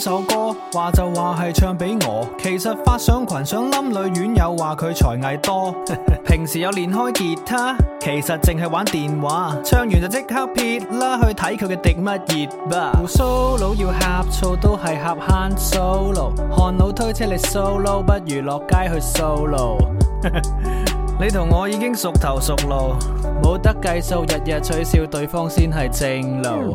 首歌話就話係唱俾我，其實發上群想冧女院友，話佢才藝多。 平時又練開吉他，其實淨係玩電話。唱完就即刻撇啦，去睇佢嘅滴乜熱吧。胡鬚佬要呷醋都係呷慳 solo，瀚佬推車嚟 solo，不如落街去 solo。 你同我已經熟頭熟路，冇得計數，日日取笑對方先係正路。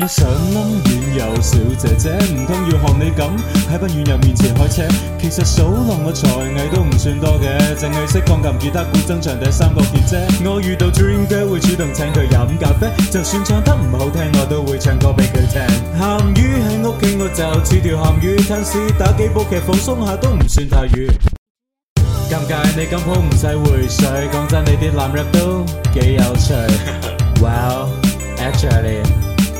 你想冧遠有小姐姐，唔通要學你咁喺不遠遊面前開車。其實數落我才藝都唔算多嘅，淨係識鋼琴、吉他、古箏、長笛三個鍵啫。我遇到 dream girl 會主動請佢飲咖啡，就算唱得唔好聽，我都會唱歌俾佢聽。鹹魚喺屋企我就似條鹹魚，吞蝨打幾部劇放鬆下都唔算太魚。尷尬你咁好唔使回水，講真你啲男人都幾有趣。Well actually。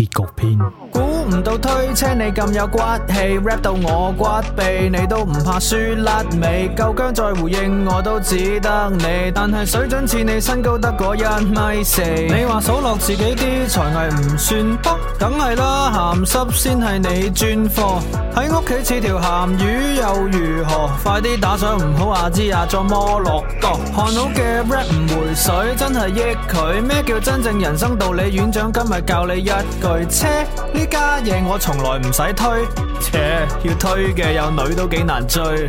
結局篇，估唔到推車你咁有骨氣，rap 到我骨痹，你都唔怕輸甩尾，夠姜再回應我都只得你，但係水準似你身高得嗰一米四，你話數落自己啲才藝唔算得，梗係啦鹹濕先係你專科，喺屋企似條鹹魚又如何，快啲打賞唔好阿芝阿佐摸落個，看好嘅 rap 唔回水真係益佢，咩叫真正人生道理，院長今日教你一個。推車呢家嘢我從來唔使推，且要推嘅有女都幾難追。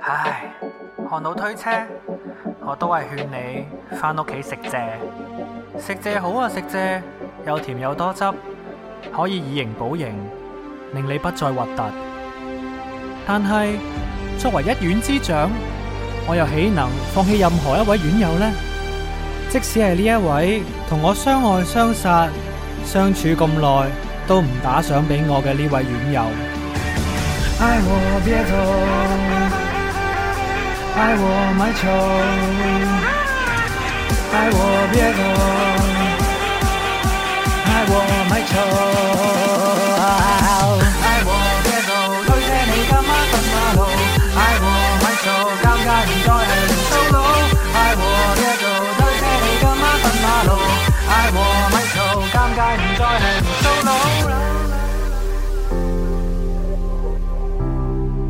唉，瀚佬推車，我都係勸你返屋企食蔗，食蔗好啊，食蔗，又甜又多汁，可以以形補形，令你不再核突。但係作為一院之長，我又豈能放棄任何一位院友呢？即使係呢一位同我相愛相殺。相處咁耐，都唔打賞畀我嘅呢位院友。愛我